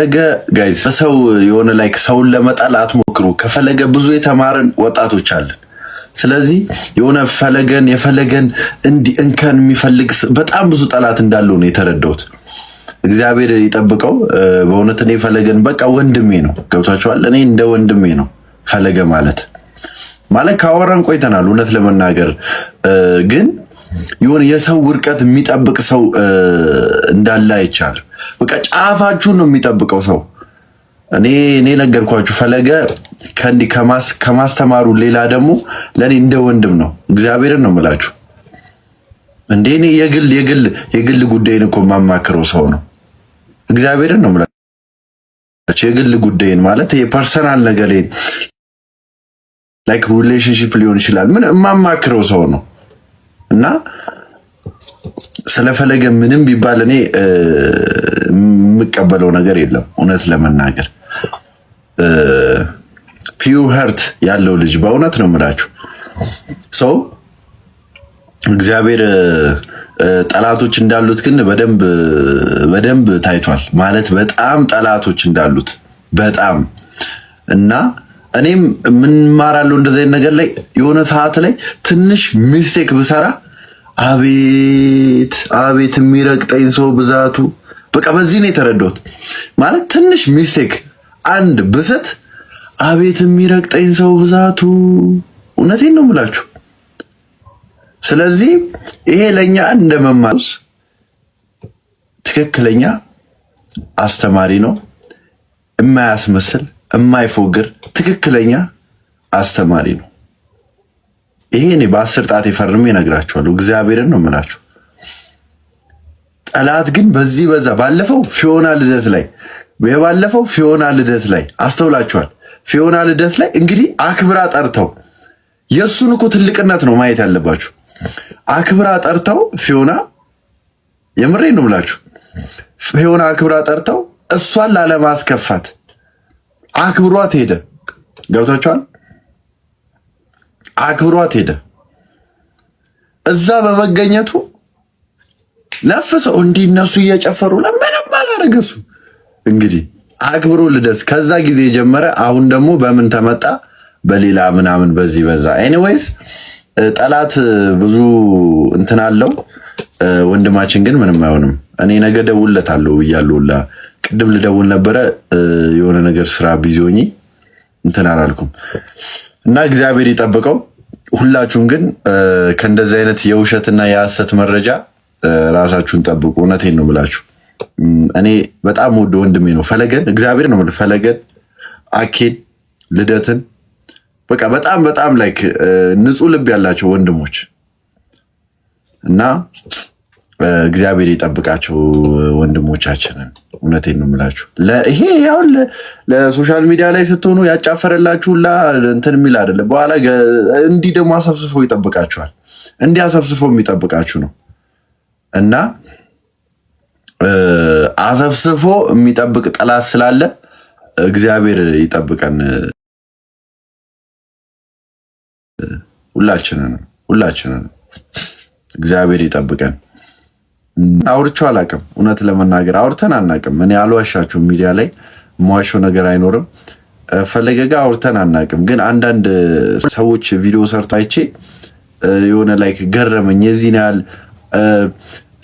ከፈለገ ጋይስ በሰው የሆነ ላይክ ሰውን ለመጣል አትሞክሩ። ከፈለገ ብዙ የተማረን ወጣቶች አለን። ስለዚህ የሆነ ፈለገን የፈለገን እንዲ እንከን የሚፈልግ በጣም ብዙ ጠላት እንዳለው ነው የተረዳሁት። እግዚአብሔር ይጠብቀው። በእውነት እኔ ፈለገን በቃ ወንድሜ ነው። ገብቷችኋል? እኔ እንደ ወንድሜ ነው ፈለገ ማለት ማለት ካወራን ቆይተናል። እውነት ለመናገር ግን የሆነ የሰው ውርቀት የሚጠብቅ ሰው እንዳለ አይቻልም። በቃ ጫፋችሁን ነው የሚጠብቀው ሰው። እኔ እኔ ነገርኳችሁ ፈለገ ከማስ ከማስተማሩ ሌላ ደግሞ ለእኔ እንደ ወንድም ነው። እግዚአብሔርን ነው የምላችሁ። እንዴ እኔ የግል የግል የግል ጉዳይን እኮ የማማክረው ሰው ነው። እግዚአብሔርን ነው የምላችሁ። የግል ጉዳይን ማለት የፐርሰናል ነገሬን ላይክ ሪሌሽንሽፕ ሊሆን ይችላል ምን የማማክረው ሰው ነው እና ስለፈለገ ምንም ቢባል እኔ የምቀበለው ነገር የለም። እውነት ለመናገር ፒዩር ሀርት ያለው ልጅ በእውነት ነው የምላችሁ ሰው እግዚአብሔር ጠላቶች እንዳሉት ግን በደንብ ታይቷል። ማለት በጣም ጠላቶች እንዳሉት በጣም እና እኔም የምንማራለው እንደዚህ ነገር ላይ የሆነ ሰዓት ላይ ትንሽ ሚስቴክ ብሰራ አቤት አቤት የሚረግጠኝ ሰው ብዛቱ። በቃ በዚህ ነው የተረዳሁት። ማለት ትንሽ ሚስቴክ፣ አንድ ብስት፣ አቤት የሚረግጠኝ ሰው ብዛቱ። እውነቴን ነው የምላችሁ። ስለዚህ ይሄ ለእኛ እንደ መማሩስ ትክክለኛ አስተማሪ ነው። የማያስመስል የማይፎግር ትክክለኛ አስተማሪ ነው። ይሄ እኔ በአስር ጣት ፈርሜ እነግራችኋለሁ። እግዚአብሔርን ነው የምላችሁ። ጠላት ግን በዚህ በዛ ባለፈው ፊዮና ልደት ላይ የባለፈው ፊዮና ልደት ላይ አስተውላችኋል። ፊዮና ልደት ላይ እንግዲህ አክብራ ጠርተው የእሱን እኮ ትልቅነት ነው ማየት ያለባችሁ። አክብራ ጠርተው ፊዮና የምሬ ነው ምላችሁ ፊዮና አክብራ ጠርተው እሷን ላለማስከፋት አክብሯት ሄደ። ገብቷችኋል አክብሯት ሄደ። እዛ በመገኘቱ ነፍሰው እንዲህ እነሱ እየጨፈሩ ለምንም አላረገሱ። እንግዲህ አክብሮ ልደስ ከዛ ጊዜ ጀመረ አሁን ደግሞ በምን ተመጣ በሌላ ምናምን በዚህ በዛ። ኤኒዌይስ ጠላት ብዙ እንትን አለው። ወንድማችን ግን ምንም አይሆንም። እኔ ነገ ደውልለታለሁ ብያለሁ። ቅድም ልደውል ነበረ የሆነ ነገር ስራ ቢዚ ሆኜ እንትን አላልኩም እና እግዚአብሔር ይጠብቀው። ሁላችሁም ግን ከእንደዚህ አይነት የውሸትና የሐሰት መረጃ ራሳችሁን ጠብቁ። እውነቴን ነው ብላችሁ እኔ በጣም ወደ ወንድሜ ነው ፈለገን እግዚአብሔር ነው ፈለገን አኬን ልደትን በቃ በጣም በጣም ላይክ ንጹህ ልብ ያላቸው ወንድሞች እና እግዚአብሔር ይጠብቃቸው ወንድሞቻችንን። እውነቴን ነው የምላችሁ። ይሄ ያሁን ለሶሻል ሚዲያ ላይ ስትሆኑ ያጫፈረላችሁላ እንትን የሚል አይደለም። በኋላ እንዲህ ደግሞ አሰብስፎ ይጠብቃችኋል። እንዲህ አሰብስፎ የሚጠብቃችሁ ነው እና አሰብስፎ የሚጠብቅ ጠላት ስላለ እግዚአብሔር ይጠብቀን ሁላችንን ሁላችንን እግዚአብሔር ይጠብቀን። አውርቼው አላውቅም። እውነት ለመናገር አውርተን አናውቅም። እኔ አልዋሻችሁም። ሚዲያ ላይ የማዋሸው ነገር አይኖርም። ፈለገ ጋር አውርተን አናውቅም። ግን አንዳንድ ሰዎች ቪዲዮ ሰርቶ አይቼ የሆነ ላይክ ገረመኝ። የዚህን ያህል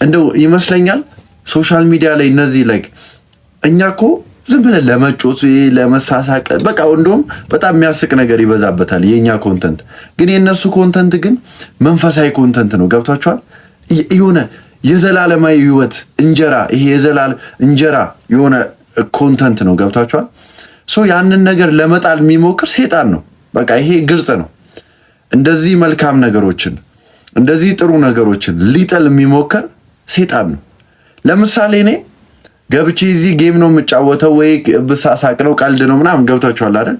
እንደው ይመስለኛል ሶሻል ሚዲያ ላይ እነዚህ ላይክ እኛ እኮ ዝም ብለን ለመጮት ለመሳሳቅ በቃ እንደውም በጣም የሚያስቅ ነገር ይበዛበታል የእኛ ኮንተንት። ግን የእነሱ ኮንተንት ግን መንፈሳዊ ኮንተንት ነው። ገብቷችኋል የሆነ የዘላለማዊ ህይወት እንጀራ ይሄ የዘላል እንጀራ የሆነ ኮንተንት ነው። ገብታችኋል። ሶ ያንን ነገር ለመጣል የሚሞክር ሴጣን ነው። በቃ ይሄ ግልጽ ነው። እንደዚህ መልካም ነገሮችን እንደዚህ ጥሩ ነገሮችን ሊጠል የሚሞክር ሴጣን ነው። ለምሳሌ እኔ ገብቼ እዚህ ጌም ነው የምጫወተው ወይ ብሳሳቅ ነው ቀልድ ነው ምናምን ገብታችኋል አይደል?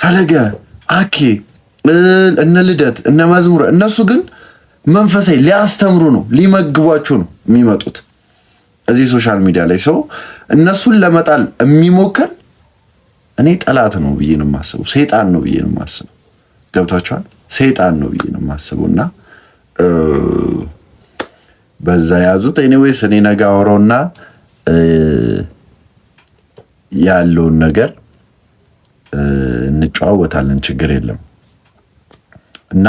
ፈለገ አኬ እነ ልደት እነ መዝሙር እነሱ ግን መንፈሳዊ ሊያስተምሩ ነው፣ ሊመግቧችሁ ነው የሚመጡት እዚህ ሶሻል ሚዲያ ላይ ሰው እነሱን ለመጣል የሚሞክር እኔ ጠላት ነው ብዬ ነው የማስበው። ሰይጣን ነው ብዬ ነው የማስበው። ገብቷችኋል? ሰይጣን ነው ብዬ ነው የማስበው እና በዛ ያዙት። ኤኒዌይስ እኔ ነገ አወራውና ያለውን ነገር እንጨዋወታለን። ችግር የለም እና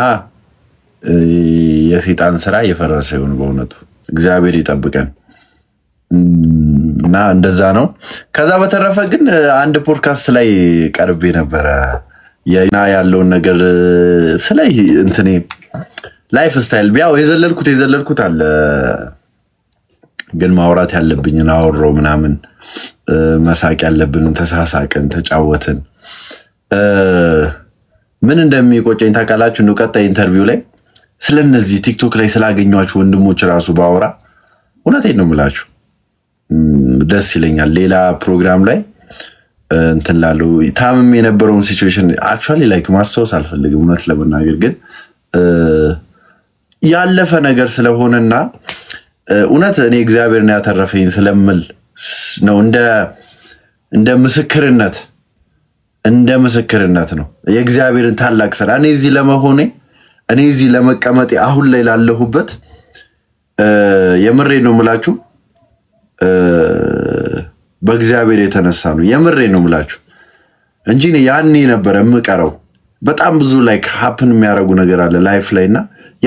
የሴጣን ስራ እየፈረሰ ይሁን በእውነቱ እግዚአብሔር ይጠብቀን እና እንደዛ ነው። ከዛ በተረፈ ግን አንድ ፖድካስት ላይ ቀርቤ ነበረ የና ያለውን ነገር ስለ እንትኔ ላይፍ ስታይል ያው የዘለልኩት የዘለልኩት አለ ግን ማውራት ያለብኝን አወሮ ምናምን መሳቅ ያለብንን ተሳሳቅን፣ ተጫወትን። ምን እንደሚቆጨኝ ታውቃላችሁ? ቀጣይ ኢንተርቪው ላይ ስለነዚህ ቲክቶክ ላይ ስላገኟቸው ወንድሞች ራሱ ባወራ እውነቴን ነው የምላችሁ ደስ ይለኛል። ሌላ ፕሮግራም ላይ እንትን ታምም የነበረውን ሲቹዌሽን አክቹዋሊ ላይክ ማስታወስ አልፈልግም እውነት ለመናገር ግን ያለፈ ነገር ስለሆነና እውነት እኔ እግዚአብሔርን ያተረፈኝ ስለምል ነው እንደ ምስክርነት እንደ ምስክርነት ነው የእግዚአብሔርን ታላቅ ስራ እኔ እዚህ ለመሆኔ እኔ እዚህ ለመቀመጤ አሁን ላይ ላለሁበት የምሬ ነው የምላችሁ በእግዚአብሔር የተነሳ ነው። የምሬ ነው ምላችሁ እንጂ ያኔ ነበር የምቀረው። በጣም ብዙ ላይክ ሀፕን የሚያደርጉ ነገር አለ ላይፍ ላይ እና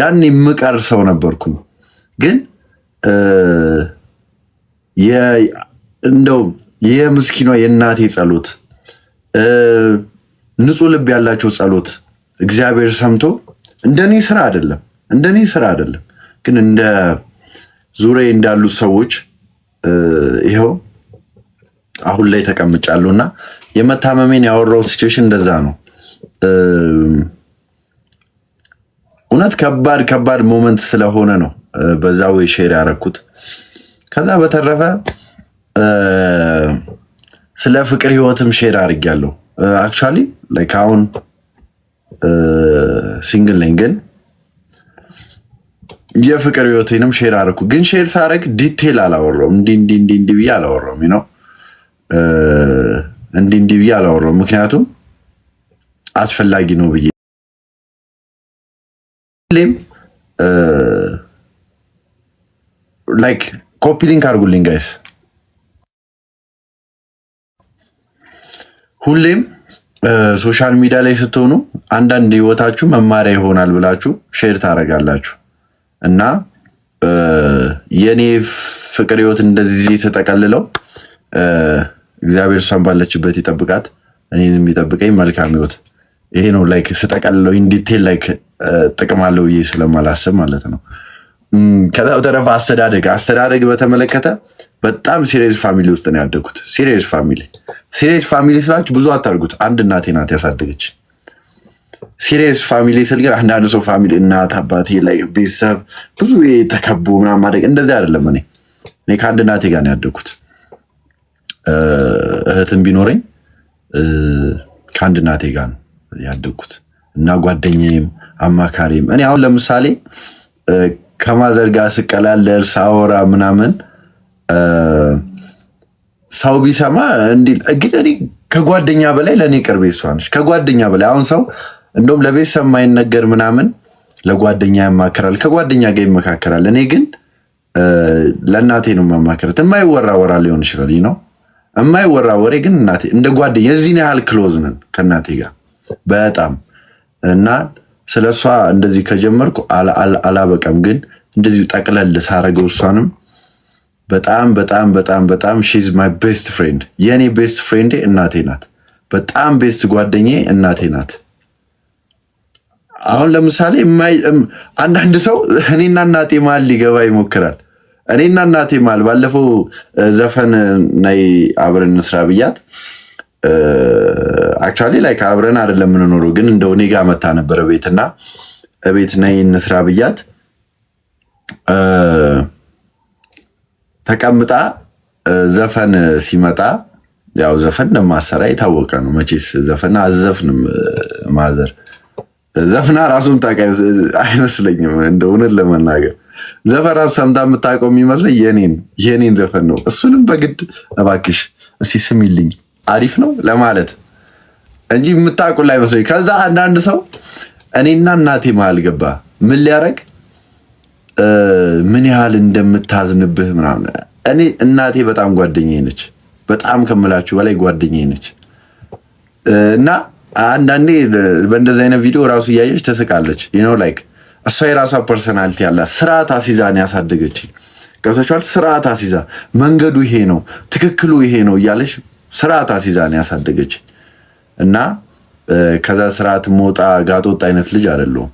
ያኔ የምቀር ሰው ነበርኩ ግን እንደውም የምስኪኗ የእናቴ ጸሎት፣ ንጹህ ልብ ያላቸው ጸሎት እግዚአብሔር ሰምቶ እንደኔ ስራ አይደለም፣ እንደኔ ስራ አይደለም። ግን እንደ ዙሬ እንዳሉት ሰዎች ይኸው አሁን ላይ ተቀምጫለሁ እና የመታመሜን ያወራው ሲቹዌሽን እንደዛ ነው። እውነት ከባድ ከባድ ሞመንት ስለሆነ ነው በዛ ወይ ሼር ያረኩት። ከዛ በተረፈ ስለ ፍቅር ህይወትም ሼር አድርጌያለሁ አክቹዋሊ ላይክ አሁን ሲንግል ነኝ ግን የፍቅር ህይወቴንም ሼር አደረኩ። ግን ሼር ሳደርግ ዲቴል አላወራሁም። እንዲህ እንዲህ እንዲህ እንዲህ ብዬ አላወራሁም ነው እንዲህ እንዲህ ብዬ አላወራሁም። ምክንያቱም አስፈላጊ ነው ብዬ ሌም ላይክ ኮፒ ሊንክ አድርጉልኝ ጋይስ ሁሌም ሶሻል ሚዲያ ላይ ስትሆኑ አንዳንድ ህይወታችሁ መማሪያ ይሆናል ብላችሁ ሼር ታደርጋላችሁ እና የእኔ ፍቅር ህይወት እንደዚህ ተጠቀልለው እግዚአብሔር እሷን ባለችበት ይጠብቃት እኔንም ይጠብቀኝ። መልካም ህይወት። ይሄ ነው ላይክ ስጠቀልለው ኢንዲቴል ላይክ ጥቅም አለው ብዬ ስለማላስብ ማለት ነው። ከዛ በተረፈ አስተዳደግ አስተዳደግ በተመለከተ በጣም ሲሪየስ ፋሚሊ ውስጥ ነው ያደጉት። ሲሪየስ ፋሚሊ ሲሪየስ ፋሚሊ ስላችሁ ብዙ አታርጉት። አንድ እናቴ ናት ያሳደገች። ሲሪየስ ፋሚሊ ስል ግን አንዳንድ ሰው ፋሚሊ እናት አባቴ ላይ ቤተሰብ ብዙ ተከቦ ምናምን ማድረግ እንደዚህ አይደለም። እኔ እኔ ከአንድ እናቴ ጋር ነው ያደግኩት። እህትም ቢኖረኝ ከአንድ እናቴ ጋር ነው ያደግኩት እና ጓደኛዬም አማካሪም እኔ አሁን ለምሳሌ ከማዘርጋ ስቀላለር ሳወራ ምናምን ሰው ቢሰማ እንዲ ግን እኔ ከጓደኛ በላይ ለእኔ ቅርቤ እሷ ነች። ከጓደኛ በላይ አሁን ሰው እንደውም ለቤተሰብ የማይነገር ምናምን ለጓደኛ ያማክራል፣ ከጓደኛ ጋር ይመካከራል። እኔ ግን ለእናቴ ነው የማማክረት። የማይወራ ወራ ሊሆን ይችላል ነው የማይወራ ወሬ ግን እናቴ እንደ ጓደኛ የዚህን ያህል ክሎዝ ነን ከእናቴ ጋር በጣም እና ስለ እሷ እንደዚህ ከጀመርኩ አላበቀም። ግን እንደዚሁ ጠቅለል ሳረገው እሷንም በጣም በጣም በጣም በጣም ሺዝ ማይ ቤስት ፍሬንድ የእኔ ቤስት ፍሬንዴ እናቴ ናት። በጣም ቤስት ጓደኜ እናቴ ናት። አሁን ለምሳሌ አንዳንድ ሰው እኔና እናቴ መሀል ሊገባ ይሞክራል። እኔና እናቴ መሀል ባለፈው ዘፈን ናይ አብረን ስራ ብያት አክቹዋሊ ላይ አብረን አይደለም የምንኖረው፣ ግን እንደው እኔ ጋ መታ ነበረ ቤትና ቤት ናይ እንስራ ብያት ተቀምጣ ዘፈን ሲመጣ ያው ዘፈን እንደማሰራ የታወቀ ነው። መቼስ ዘፈን አዘፍንም ማዘር ዘፍና ራሱም ታውቃ አይመስለኝም። እንደ እውነት ለመናገር ዘፈን ራሱ ሰምታ የምታውቀው የሚመስለኝ የኔን የኔን ዘፈን ነው። እሱንም በግድ እባክሽ እስኪ ስሚልኝ አሪፍ ነው ለማለት እንጂ የምታውቁ ላይ መስለኝ። ከዛ አንዳንድ ሰው እኔና እናቴ መሀል ገባ ምን ሊያረግ ምን ያህል እንደምታዝንብህ ምናምን። እኔ እናቴ በጣም ጓደኛ ነች፣ በጣም ከምላችሁ በላይ ጓደኛ ነች። እና አንዳንዴ በእንደዚህ አይነት ቪዲዮ ራሱ እያየች ትስቃለች። ነው ላይክ እሷ የራሷ ፐርሰናሊቲ ያላት ስርዓት አስይዛ ነው ያሳደገች። ገብታችኋል? ስርዓት አሲዛ መንገዱ ይሄ ነው ትክክሉ ይሄ ነው እያለች ስርዓት አስይዛ ነው ያሳደገች እና ከዛ ስርዓት መውጣ ጋጦጥ አይነት ልጅ አይደለሁም።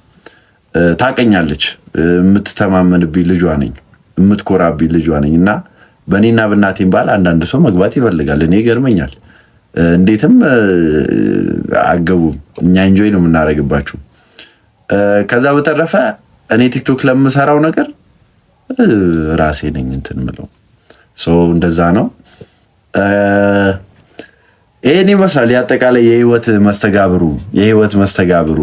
ታቀኛለች የምትተማመንብኝ ልጇ ነኝ፣ የምትኮራብኝ ልጇ ነኝ እና በእኔና በእናቴም ባል አንዳንድ ሰው መግባት ይፈልጋል። እኔ ይገርመኛል። እንዴትም አገቡም እኛ እንጆይ ነው የምናደርግባችሁ። ከዛ በተረፈ እኔ ቲክቶክ ለምሰራው ነገር ራሴ ነኝ እንትን ምለው ሰው እንደዛ ነው። ይህን ይመስላል የአጠቃላይ የህይወት መስተጋብሩ የህይወት መስተጋብሩ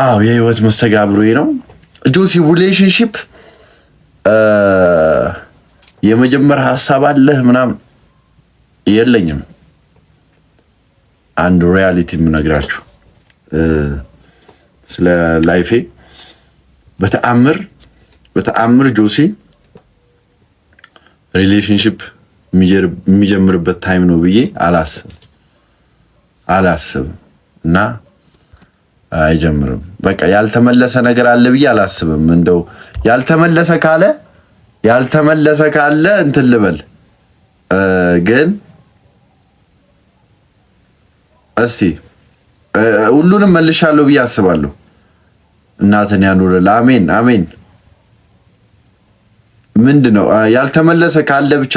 አዎ የህይወት መስተጋብሬ ነው። ጆሲ ሪሌሽንሽፕ የመጀመር ሀሳብ አለህ ምናምን የለኝም። አንድ ሪያሊቲ የምነግራችሁ ስለ ላይፌ በተአምር በተአምር ጆሲ ሪሌሽንሽፕ የሚጀምርበት ታይም ነው ብዬ አላስብ አላስብ እና አይጀምርም። በቃ ያልተመለሰ ነገር አለ ብዬ አላስብም። እንደው ያልተመለሰ ካለ ያልተመለሰ ካለ እንትን ልበል ግን እስቲ ሁሉንም መልሻለሁ ብዬ አስባለሁ። እናትን ያኑርል። አሜን አሜን። ምንድን ነው ያልተመለሰ ካለ ብቻ